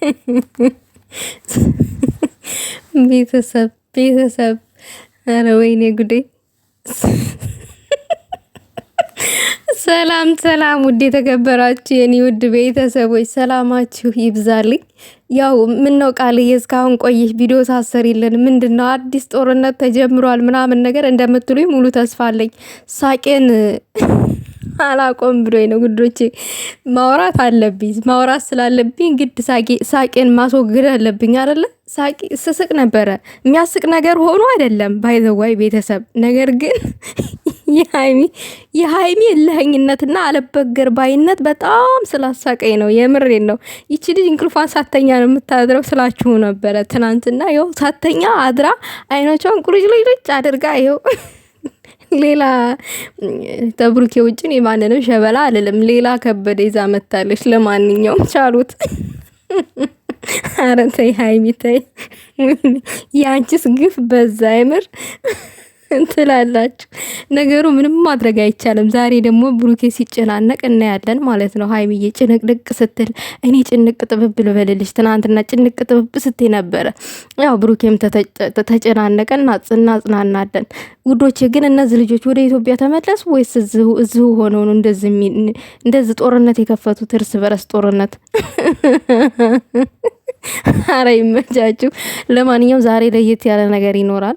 ቤተሰብ ቤተሰብ፣ አረ ወይኔ ጉዴ! ሰላም ሰላም፣ ውድ የተከበራችሁ የኔ ውድ ቤተሰቦች ሰላማችሁ ይብዛልኝ። ያው ነው ቃል እስካሁን ቆይሽ ቪዲዮ ሳሰሪልን ምንድን ነው አዲስ ጦርነት ተጀምሯል ምናምን ነገር እንደምትሉኝ ሙሉ ተስፋ አለኝ። ሳቄን አላቆም ብሎ ነው ግዶቼ። ማውራት አለብኝ። ማውራት ስላለብኝ ግድ ሳቄን ማስወገድ አለብኝ አይደለ? ሳቂ ስስቅ ነበረ። የሚያስቅ ነገር ሆኖ አይደለም ባይዘዋይ ቤተሰብ ነገር ግን የሀይሚ እልኸኝነትና አለበገር ባይነት በጣም ስላሳቀኝ ነው። የምሬን ነው። ይቺ ልጅ እንቅልፏን ሳተኛ ነው የምታድረው ስላችሁ ነበረ ትናንትና። ይኸው ሳተኛ አድራ አይኖቿን ልጭ አድርጋ ይኸው ሌላ ተብሩኬ ውጭ እኔ ማንንም ሸበላ አልልም። ሌላ ከበደ ይዛ መታለች። ለማንኛውም ቻሉት። ኧረ ተይ ሀይሚ ተይ፣ ያንቺስ ግፍ በዛ ይምር። እንትላላችሁ። ነገሩ ምንም ማድረግ አይቻልም። ዛሬ ደግሞ ብሩኬ ሲጨናነቅ እናያለን ማለት ነው። ሀይሚዬ ጭንቅንቅ ስትል እኔ ጭንቅ ጥብብ ልበልልሽ። ትናንትና ጭንቅ ጥብብ ስትይ ነበረ። ያው ብሩኬም ተጨናነቀ እናጽናናለን። ውዶች። ግን እነዚህ ልጆች ወደ ኢትዮጵያ ተመለሱ ወይስ እዚሁ ሆነው ነው እንደዚህ ጦርነት የከፈቱት? እርስ በረስ ጦርነት አረ ይመቻችሁ። ለማንኛውም ዛሬ ለየት ያለ ነገር ይኖራል።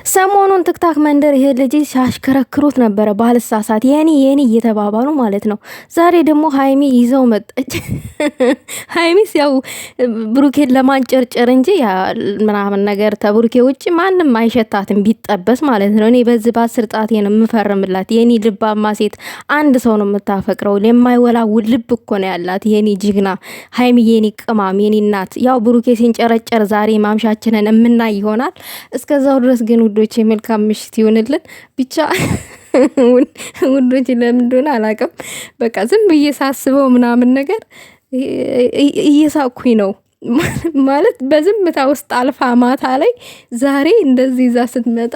ሰሞኑን ትክታክ መንደር ይሄ ልጅ ሲያሽከረክሩት ነበረ፣ ባልሳሳት የኔ የኔ እየተባባሉ ማለት ነው። ዛሬ ደግሞ ሀይሚ ይዘው መጣች። ሀይሚስ ያው ብሩኬን ለማንጨርጨር እንጂ ምናምን ነገር ተብሩኬ ውጭ ማንም አይሸታትም ቢጠበስ ማለት ነው። እኔ በዚህ በአስር ጣቴ ነው የምፈርምላት። የኔ ልባማ ሴት አንድ ሰው ነው የምታፈቅረው። የማይወላውል ልብ እኮ ነው ያላት የኔ ጅግና ሀይሚ፣ የኔ ቅማም፣ የኔ እናት። ያው ብሩኬ ሲንጨረጨር ዛሬ ማምሻችንን የምናይ ይሆናል። እስከዛው ድረስ ግን ውዶች የመልካም ምሽት ይሆንልን። ብቻ ውዶች ለምን እንደሆነ አላውቅም። በቃ ዝም ብዬ ሳስበው ምናምን ነገር እየሳኩኝ ነው ማለት በዝምታ ውስጥ አልፋ ማታ ላይ ዛሬ እንደዚህ ይዛ ስትመጣ